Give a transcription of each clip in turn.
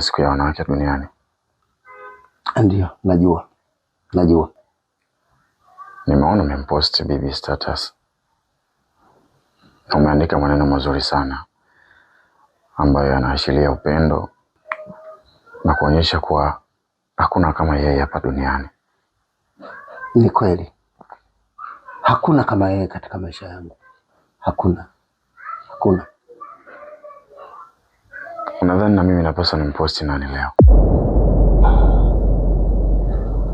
ya siku ya wanawake duniani? Ndio, najua najua, nimeona umempost bibi status na umeandika maneno mazuri sana ambayo yanaashiria upendo na kuonyesha kuwa hakuna kama yeye hapa duniani. Ni kweli hakuna kama yeye katika maisha yangu, hakuna, hakuna. Unadhani na mimi napaswa nimposti nani leo?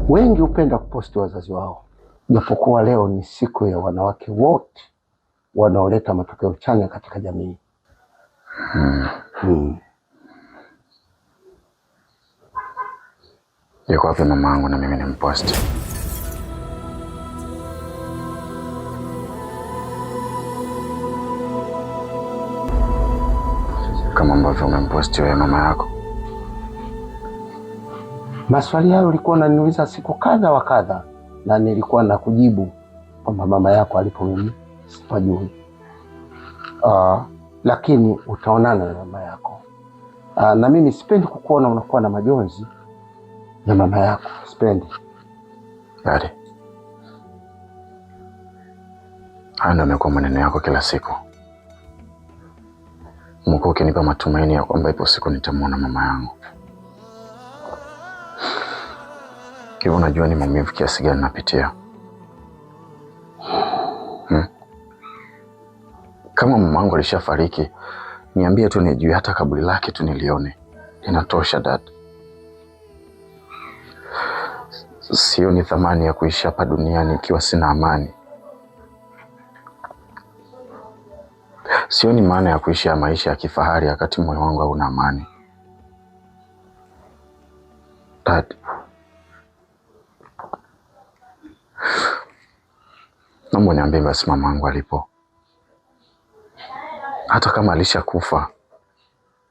Wengi hupenda kuposti wazazi wao, japokuwa leo ni siku ya wanawake wote wanaoleta matokeo chanya katika jamii. Hmm. Hmm. Yuko wapi mama yangu na mimi nimposti? kama ambavyo umemposti wewe mama yako? Maswali hayo ulikuwa unaniuliza siku kadha wa kadha, na nilikuwa na kujibu kwamba mama yako alipo mimi sipajui. Uh, lakini utaonana na mama yako. Uh, na mimi sipendi kukuona unakuwa na majonzi na mama yako, sipendi. Yaani, ndio amekuwa maneno yako kila siku umekuwa ukinipa matumaini ya kwamba ipo siku nitamwona mama yangu. Hivyo unajua ni maumivu kiasi gani napitia hmm? Kama mama yangu alishafariki, niambie tu nijue, hata kaburi lake tu nilione, inatosha dad. Sio ni thamani ya kuishi hapa duniani ikiwa sina amani. Sioni maana ya kuishi ya maisha ya kifahari wakati moyo wangu hauna amani. Dad, naomba niambie basi mama wangu alipo, hata kama alishakufa,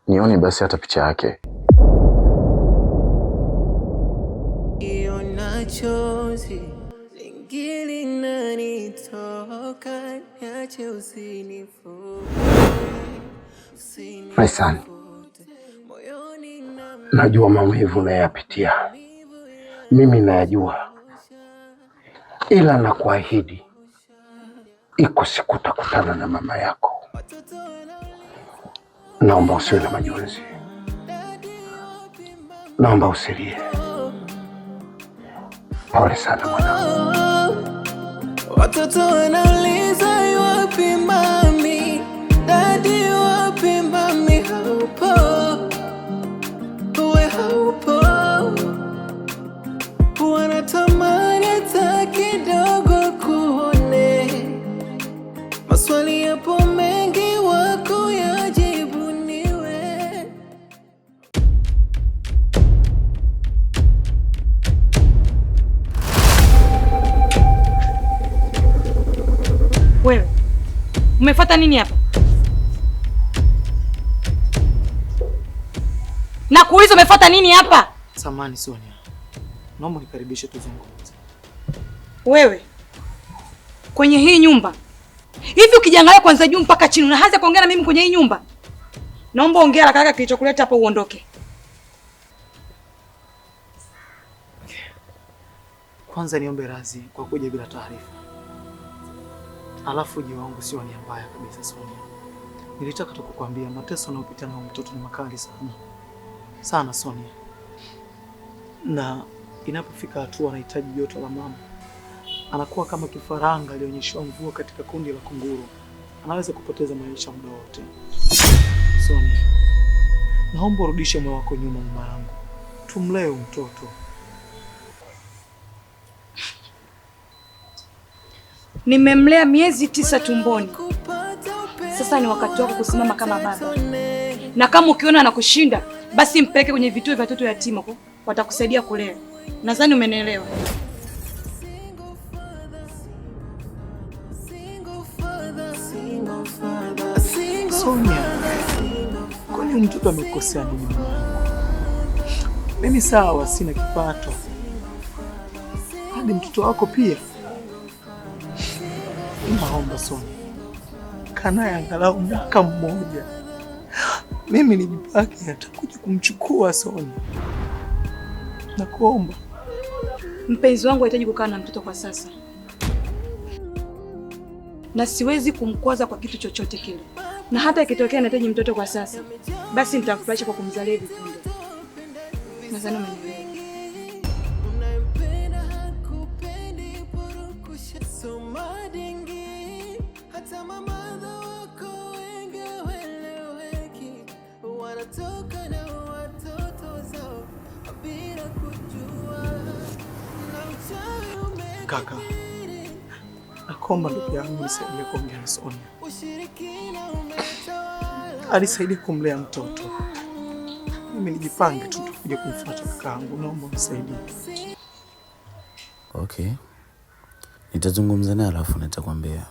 nione basi hata picha yake. Faisal, najua maumivu unayoyapitia, mimi nayajua, ila nakuahidi, iko siku utakutana na mama yako. Naomba usiwe na majonzi, naomba usilie. Pole sana mwanangu watoto wanauliza wapi mama Unapata nini hapa? Na kuuliza umefuata nini hapa? Samani Sonia. Naomba nikaribishe tuzungumze. Wewe kwenye hii nyumba hivi, ukijiangalia kwanza juu mpaka chini, una haja kuongea na mimi kwenye hii nyumba? Naomba ongea haraka haraka, kilichokuleta hapa uondoke. Kwanza niombe radhi kwa kuja bila taarifa. Alafu uji wangu sio nia mbaya kabisa Sonia. Nilitaka tu kukwambia mateso anayopitia nao mtoto ni makali sana sana Sonia, na inapofika hatua anahitaji joto la mama, anakuwa kama kifaranga alionyeshwa mvua katika kundi la kunguru, anaweza kupoteza maisha muda wote. Sonia, naomba urudishe moyo wako nyuma, mama yangu, tumlee mtoto. Nimemlea miezi tisa tumboni, sasa ni wakati wako kusimama kama baba, na kama ukiona anakushinda basi mpeleke kwenye vituo vya watoto yatima, watakusaidia kulea. Nadhani umenielewa. Sonia, kwani mtoto amekosea nini? Mimi sawa, sina kipato, hadi mtoto wako pia Maomba Sonia kanaye angalau mwaka mmoja, mimi nijipake, atakuja kumchukua Sonia. Nakuomba mpenzi wangu hahitaji kukaa na mtoto kwa sasa, na siwezi kumkwaza kwa kitu chochote kile, na hata ikitokea nahitaji mtoto kwa sasa, basi nitamfurahisha kwa kumzalia vipindi. Nadhani Kaka, nakomba ndugu yangu nisaidie kuongea na Sonia. Alisaidie kumlea mtoto. Mimi nijipange tu kuja kumfuata kaka yangu, naomba msaidie. Okay, nitazungumza naye alafu nitakwambia.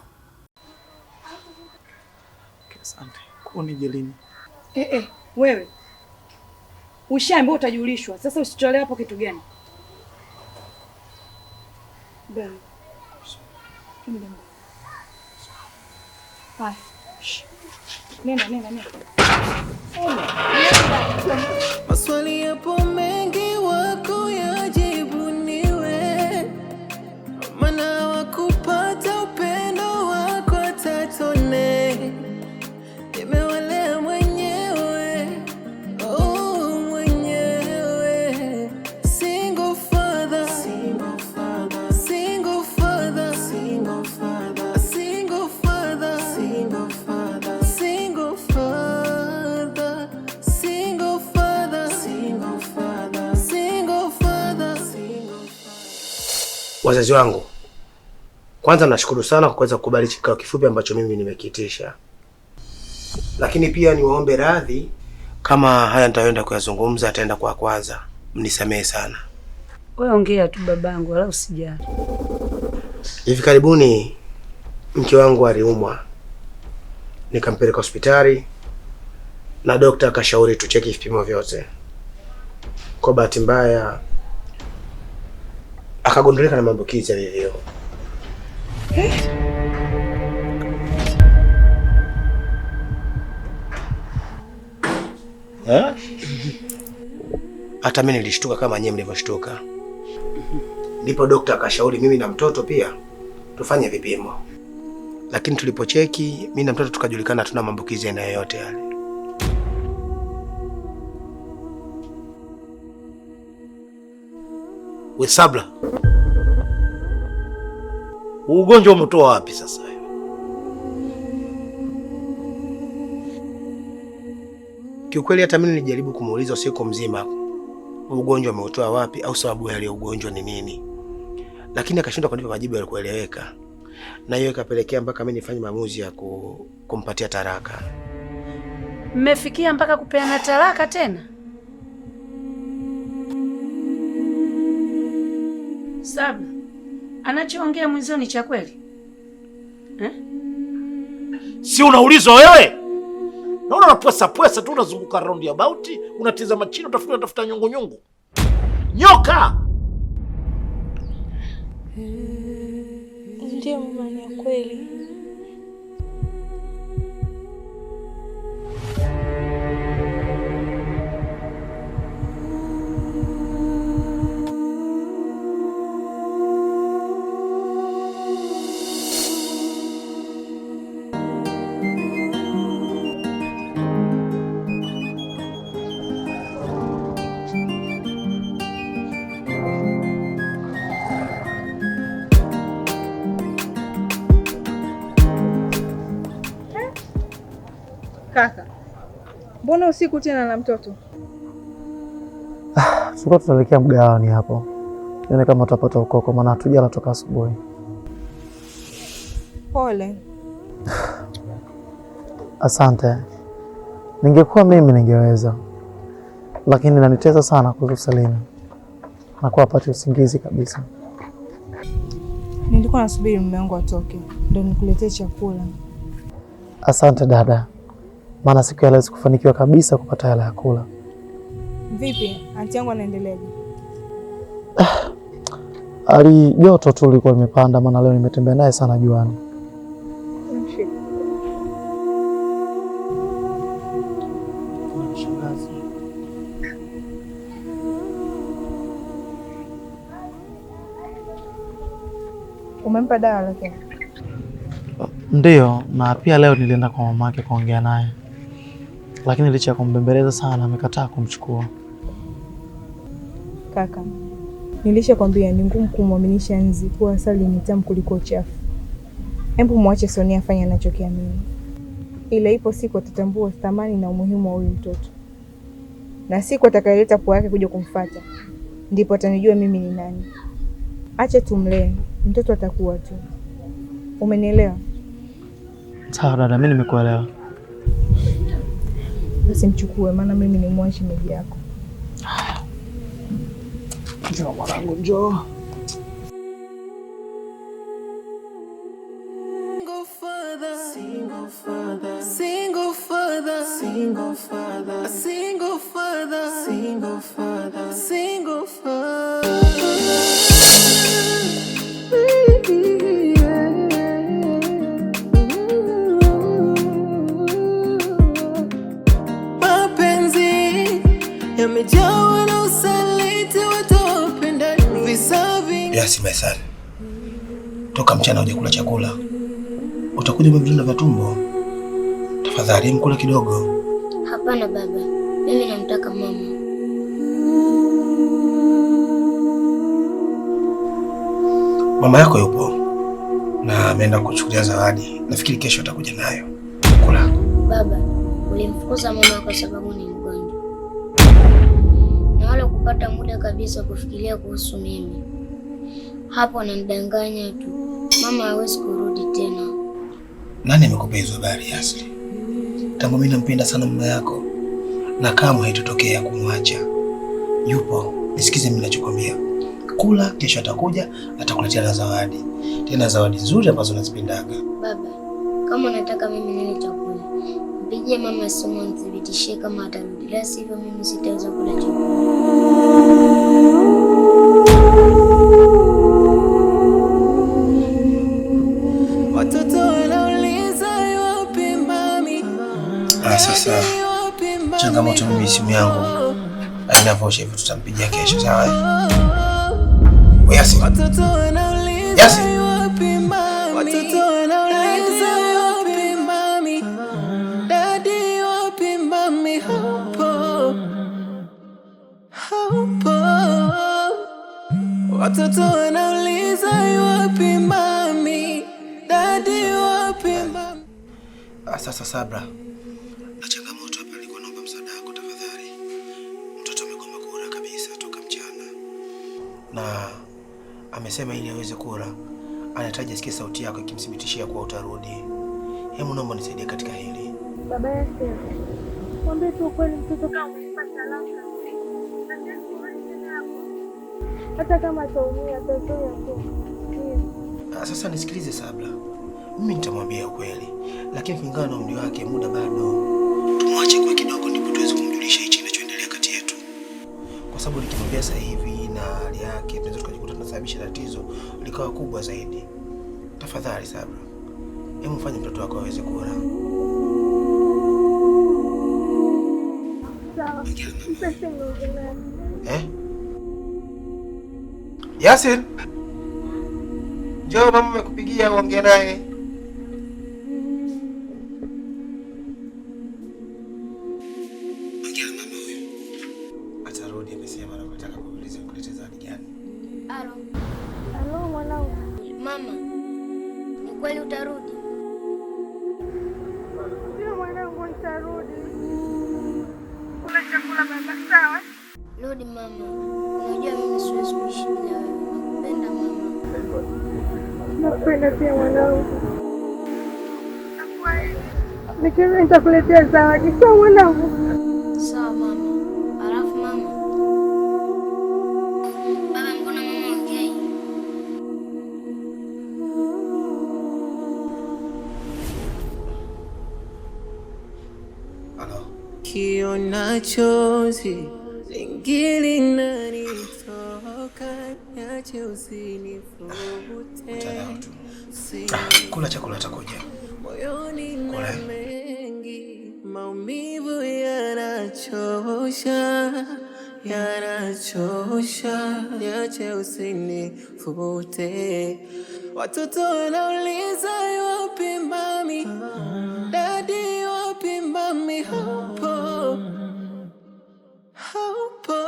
Asante. Kuone Jelini. Eh, eh, wewe ushaambia utajulishwa, sasa usicholee hapo kitu gani? Maswali yapo mengi Wazazi wangu, kwanza nashukuru sana kwa kuweza kukubali kikao kifupi ambacho mimi nimekiitisha, lakini pia niwaombe radhi kama haya nitaenda kuyazungumza ataenda kwa kwanza, mnisamehe sana. Wewe ongea tu babangu, wala usijali. Hivi karibuni mke wangu aliumwa, nikampeleka hospitali na dokta akashauri tucheki vipimo vyote. Kwa bahati mbaya akagondoleka na maambukizi ya leo eh? Hata mimi nilishtuka kama nyewe mlivyoshtuka. Ndipo dokta akashauri mimi na mtoto pia tufanye vipimo, lakini tulipocheki mimi na mtoto tukajulikana hatuna maambukizi aina yoyote yale. We Sabla, ugonjwa umetoa wapi sasa? Kiukweli hata mimi nilijaribu kumuuliza usiku mzima ugonjwa umeutoa wapi au sababu ya ugonjwa ni nini, lakini akashindwa kunipa majibu yalikueleweka, na hiyo ikapelekea mpaka mimi nifanye maamuzi ya kumpatia taraka. Mmefikia mpaka kupeana taraka tena? Sabu anachoongea mwenzio ni cha kweli eh? Si unaulizwa wewe? Naona unapwesa pwesa tu, unazunguka round about, unatizama chini, utafuta tafuta nyungu nyungu, nyoka. Ndio mama, ni kweli mbona usiku tena na mtoto? Ah, tulikuwa tunaelekea mgawani hapo, nione kama tutapata ukoko, maana hatujala toka asubuhi. Pole. Asante. Ningekuwa mimi ningeweza, lakini nanitesa sana kuhusu na nakuwa apate usingizi kabisa. Nilikuwa nasubiri mume wangu atoke ndio nikuletee chakula. Asante dada maana siku ya leo sikufanikiwa kabisa kupata hela ya kula. Vipi anti yangu anaendeleaje? Ah, Ali joto tu lilikuwa limepanda, maana leo nimetembea naye sana juani. Umempa dawa lakini? Ndiyo, na pia leo nilienda kwa mamake kuongea naye lakini licha ya kumbembeleza sana amekataa kumchukua. Kaka, nilishakwambia ni ngumu kumwaminisha nzi kuwa asali ni tamu kuliko chafu. Hebu mwache Sonia afanye anachokiamini, ila ipo siku atatambua thamani na umuhimu wa huyu mtoto, na siku atakayeleta pua yake kuja kumfata, ndipo atanijua mimi ni nani. Acha tumlee mtoto, atakuwa tu. Umenielewa? Sawa dada, mimi nimekuelewa basi mchukue, maana mimi ni miji yako. Njoo mwanangu, njoo. Single father. Yes, my son. toka mchana uje kula chakula, utakuja na vidonda vya tumbo. Tafadhali mkula kidogo. Hapana baba, mimi namtaka mama. Mama yako yupo na ameenda kuchukulia zawadi, nafikiri kesho atakuja nayo. Kula baba. Ulimfukuza mama kwa sababu ni mgonjwa na wala kupata muda kabisa kufikiria kuhusu mimi. Hapo anamdanganya tu, mama hawezi kurudi tena. Nani amekupa hizo habari Asli? Tangu mimi nampenda sana mama yako na kama haitotokea kumwacha. Yupo, nisikize mimi ninachokwambia. Kula kesho, atakuja atakuletea na zawadi, tena zawadi nzuri ambazo unazipendaga. Baba, kama unataka mimi nile chakula, mpigie mama simu nithibitishie kama atarudi, la sivyo mimi sitaweza kula chakula. simu yangu aina yaani vocha, hivyo tutampigia kesho. Sawa Yasi, Yasi, watoto wanauliza wapi mami, dadi wapi mami. Ah, sasa Sabra amesema ili aweze kula anahitaji asikie sauti yako ikimthibitishia kuwa utarudi. Hebu naomba nisaidie katika hili baba yake. Mwambie tu kweli mtoto kama hata kama ataumia atazoea tu. Ah, sasa nisikilize, Sabla, mimi nitamwambia ukweli, lakini kulingana na umri wake muda bado, tumwache kwa kidogo, ndipo tuweze kumjulisha hichi kinachoendelea kati yetu, kwa sababu nikimwambia sasa hivi na hali yake kusababisha tatizo likawa kubwa zaidi. Tafadhali Sabra, hebu mfanye mtoto wako aweze kuona. Eh? Yasin, njoo mama amekupigia, uongee naye. Mama, ni kweli utarudi? sawa? Rudi mama, unajua mimi siwezi kuishi bila wewe. Nakupenda mama. Nakupenda pia mwanangu. Nikirudi nitakuletea zawadi, sawa mwanangu? chozi lingili nanitoka niache usinifute. Ah, kula chakula takuja moyoni na mengi maumivu yanachosha yanachosha, niache usinifute. Watoto wanauliza wapi mami, dadi wapi mami? Haupo, haupo.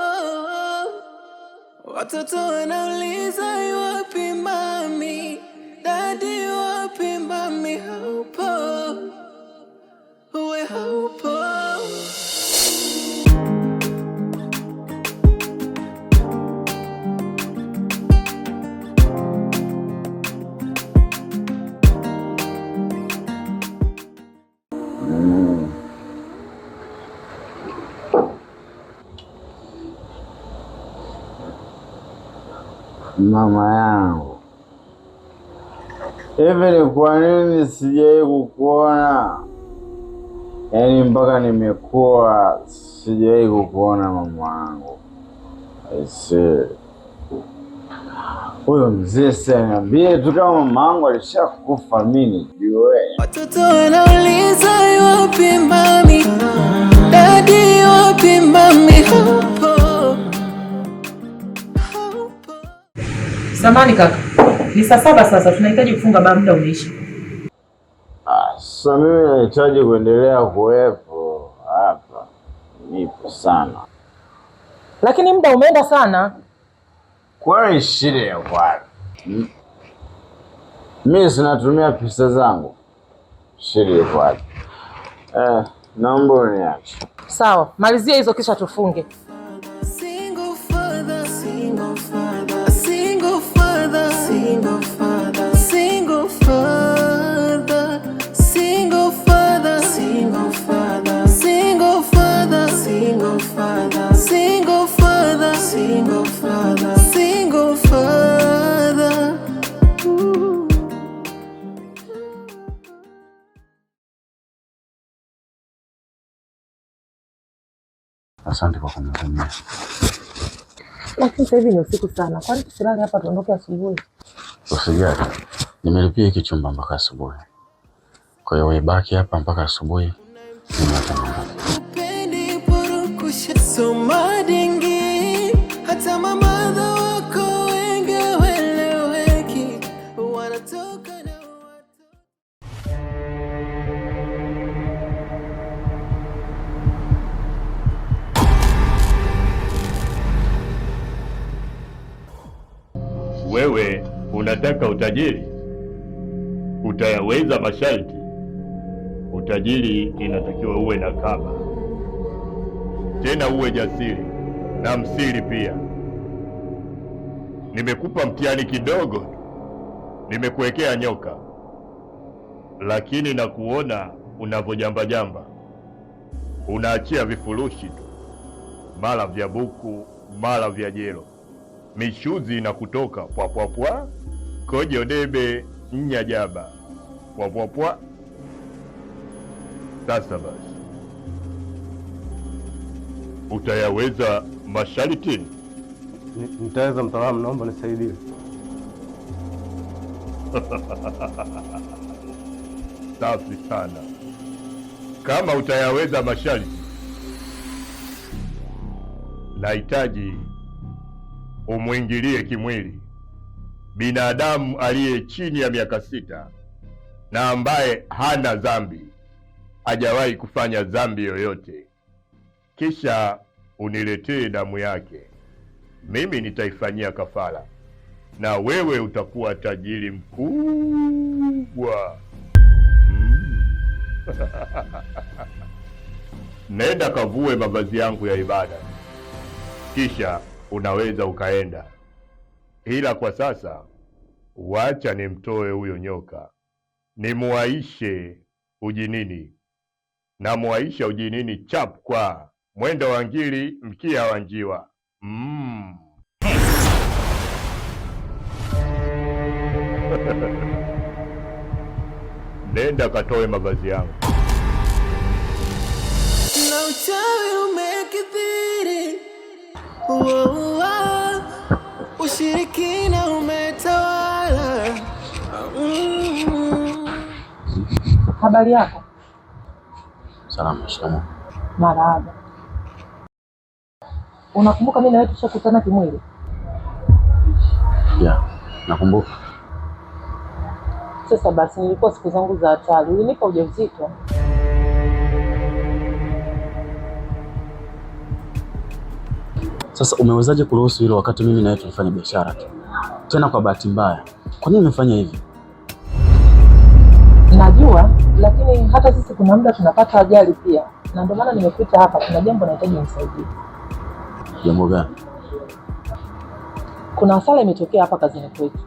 Watoto wanauliza wapi mami, dadi wapi mami? Haupo, we haupo mama yangu, hivi ni kwa nini sijai kukuona? Yaani mpaka nimekuwa sijai kukuona mama yangu. Aisee, huyo mzee sasa, niambie tu kama mama yangu alishakufa, mimi nijue. Watoto wanauliza wapi mami, dadi wapi mami Samani kaka, ni saa saba sasa, tunahitaji kufunga baa, muda umeisha. Sasa mimi nahitaji kuendelea kuwepo hapa, nipo sana lakini muda umeenda sana. Kwani shida ya wapi? Hmm? Mimi sinatumia pesa zangu, shida ya wapi? Eh, naomba uniache. Sawa, malizia hizo kisha tufunge. Asante kwa kunifanyia. Lakini sasa hivi ni usiku sana, kwani tusilale hapa tuondoke asubuhi? Usijali, nimelipia hiki chumba mpaka asubuhi, kwa hiyo ubaki hapa mpaka asubuhi. Wewe unataka utajiri, utayaweza masharti. Utajiri inatakiwa uwe na kaba, tena uwe jasiri na msiri pia. Nimekupa mtihani kidogo, nimekuwekea nyoka, lakini na kuona unavyojambajamba, unaachia vifurushi tu, mara vya buku, mara vya jelo mishuzi na kutoka pwapwapwa koje debe nnyajaba pwapwapwa. Sasa basi, utayaweza masharti? Nitaweza mtaalamu, naomba nisaidie. Safi sana. Kama utayaweza masharti, nahitaji umwingilie kimwili binadamu aliye chini ya miaka sita na ambaye hana dhambi, hajawahi kufanya dhambi yoyote, kisha uniletee damu yake, mimi nitaifanyia kafara, na wewe utakuwa tajiri mkubwa. Hmm. Nenda kavue mavazi yangu ya ibada, kisha unaweza ukaenda, ila kwa sasa wacha nimtoe huyo nyoka, nimuwaishe ujinini. Namuwaisha ujinini chapkwa, mwenda wa ngili, mkia wa njiwa. Mm. Nenda katoe mavazi yangu na uchawi umekithiri ushirikina umetawala. Mm. Habari yako? Salama. Shikamoo. Marahaba. Unakumbuka mimi na wewe tushakutana kimwili? Yeah, nakumbuka. Sasa basi, nilikuwa siku zangu za hatari, ulinipa ujauzito Sasa umewezaje kuruhusu hilo wakati mimi na wewe tulifanya biashara tu? Tena kwa bahati mbaya. Kwa nini umefanya hivi? Najua, lakini hata sisi kuna muda tunapata ajali pia, na ndio maana nimekuita hapa. Kuna jambo nahitaji msaidizi. Jambo gani? Kuna hasara imetokea hapa kazini kwetu,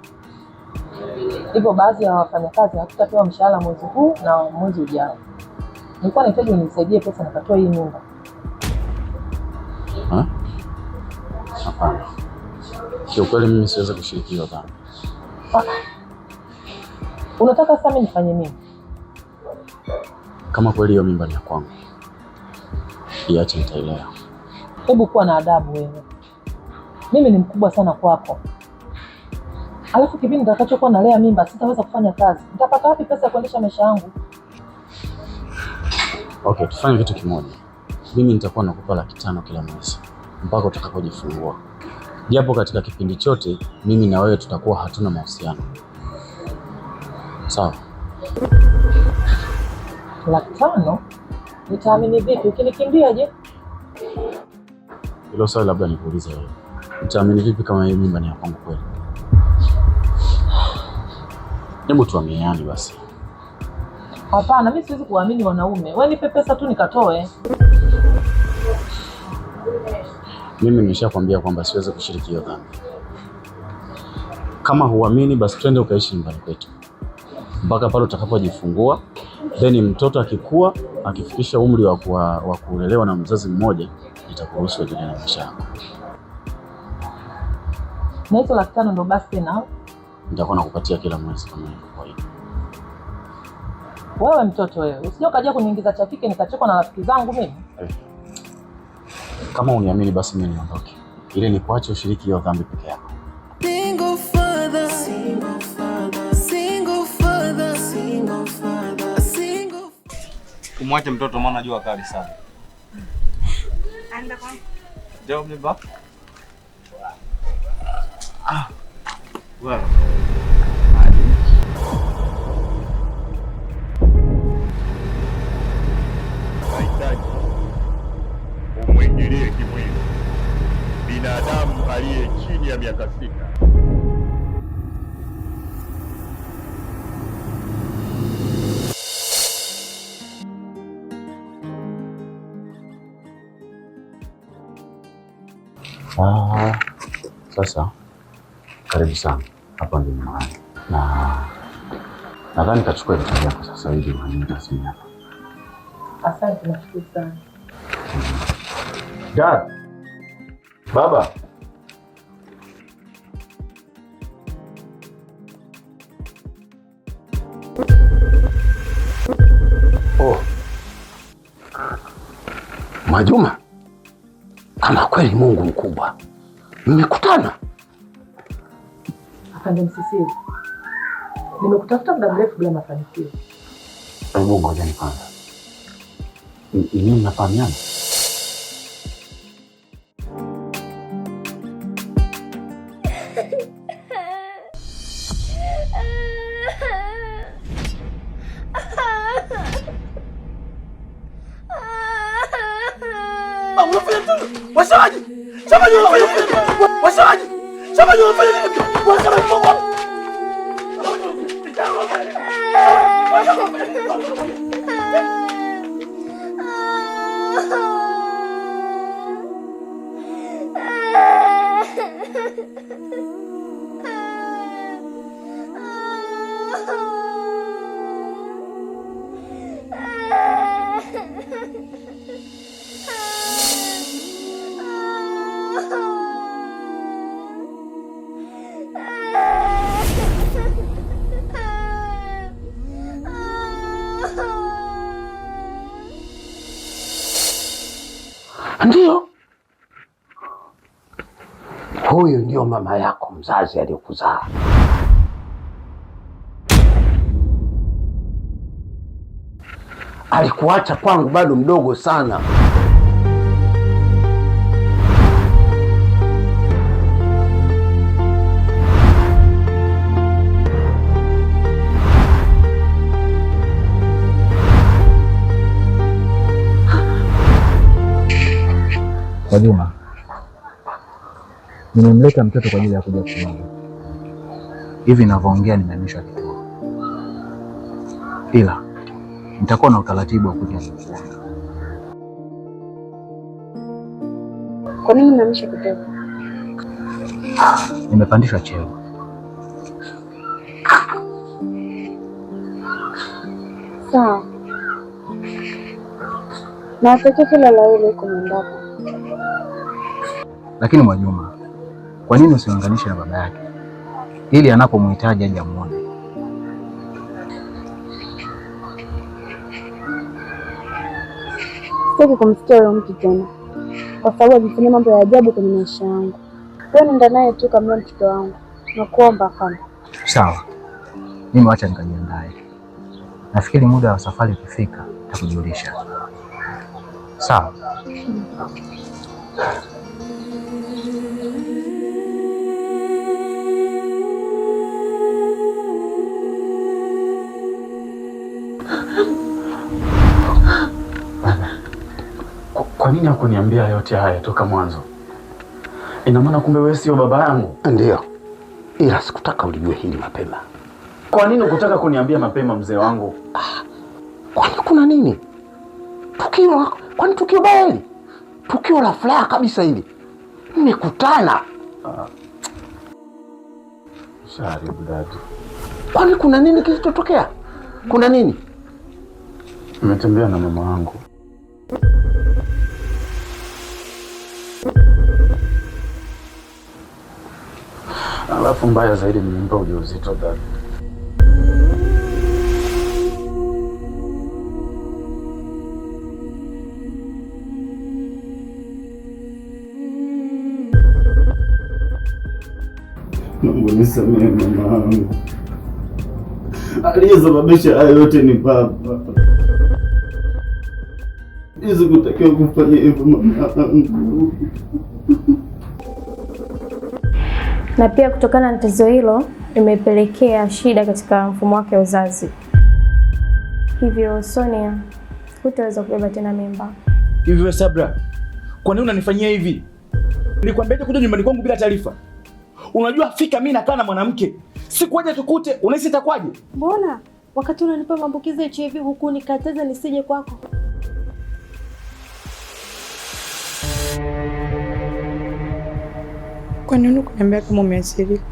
hivyo baadhi ya wafanyakazi hatutapewa mshahara mwezi huu na mwezi ujao. Nilikuwa nahitaji unisaidie pesa nikatoa hii nyumba ha? Kiukweli mimi siwezi kushiriki hiyo dhambi. Ah. Unataka sasa mimi nifanye nini? Kama kweli hiyo mimba ni ya kwangu, iache, nitailea. Hebu kuwa na adabu wewe, mimi ni mkubwa sana kwako, alafu kipindi nitakachokuwa nalea mimba sitaweza kufanya kazi, nitapata wapi pesa ya kuendesha maisha yangu? Okay, tufanye kitu kimoja, mimi nitakuwa nakupa laki tano kila mwezi mpaka utakapojifungua japo katika kipindi chote mimi na wewe tutakuwa hatuna mahusiano sawa. Laki tano nitaamini vipi ukinikimbia? Je, hilo swali labda nikuulize wewe, utaamini vipi kama hii mimba ni ya kwangu kweli? Hebu tuamiani basi. Hapana, mi siwezi kuwaamini wanaume. Wewe nipe pesa tu nikatoe. Mimi nimeshakwambia kwamba siwezi kushiriki hiyo dhambi. Kama huamini basi twende ukaishi nyumbani kwetu mpaka pale utakapojifungua, then mtoto akikua, akifikisha umri wa kulelewa na mzazi mmoja, nitakuruhusu endelea na maisha yako. Naitwa laki tano ndo basi na nitakuwa nakupatia kila mwezi kama kawaida. Wewe mtoto wewe, usije ukaja kuniingiza chafiki nikachekwa na rafiki zangu mimi eh. Kama uniamini basi mimi niondoke, ili nikuache ushiriki hiyo dhambi peke yako. Umwache mtoto, maana jua kali sana amwingilie kimwili binadamu aliye chini ya miaka sita. Ah, sasa karibu sana hapa ndio mahali na nadhani kachukua vitu vyako sasa hivi. Asante, nashukuru sana. Dad, baba, oh. Mwajuma, ama kweli Mungu mkubwa, mmekutana? Afande Msisiri, nimekutafuta muda mrefu bila mafanikio. Hebu ngoja kwanza, nyinyi mnafahamiana? huyu ndio mama yako mzazi aliyokuzaa. Alikuacha kwangu bado mdogo sana. juma Nimemleta mtoto kwa ajili ya kuja kuona. Hivi ninavyoongea nimeanisha kituo, ila nitakuwa na utaratibu wa kuja kuona. Kwa nini umehamishwa kituo? Nimepandishwa cheo. Sawa na watoto kila la huko Mwandako, lakini Mwajuma kwa nini usiunganishe na baba yake ili anapomhitaji aje amuone? Sitaki kumsikia huyo mtu tena, kwa sababu alifanya mambo ya ajabu kwenye maisha yangu. Nenda naye tu kama mtoto wangu, nakuomba kama. Sawa, mimi wacha nikajiandae. Nafikiri muda wa safari ukifika, nitakujulisha. Sawa. Hmm. nini hakuniambia yote haya toka mwanzo? Ina maana kumbe wewe sio baba yangu? ndio ila sikutaka ulijue hili mapema. Kwa nini ukutaka kuniambia mapema mzee wangu? Ah, kwani kuna nini? Tukio kwani tukio baya hili? Tukio la furaha kabisa hili, mmekutana ah. kwani kuna nini kilichotokea? Kuna nini? Nimetembea na mama wangu Alafu mbaya zaidi mimba ujauzito dhani. Mungu nisamehe mama wangu, aliyesababisha haya yote ni baba. Sikutakiwa kufanya hivyo mama wangu na pia kutokana na tatizo hilo imepelekea shida katika mfumo wake wa uzazi, hivyo Sonia hutaweza kubeba tena mimba. Hivyo Sabra, kwa nini unanifanyia hivi? Nilikwambia kuja nyumbani kwangu bila taarifa? Unajua fika mimi nakaa na mwanamke sikuja tukute, unahisi itakwaje? Mbona wakati unanipa maambukizi HIV huku nikataza nisije kwako? Kwa nini kuniambia kama umeathirika?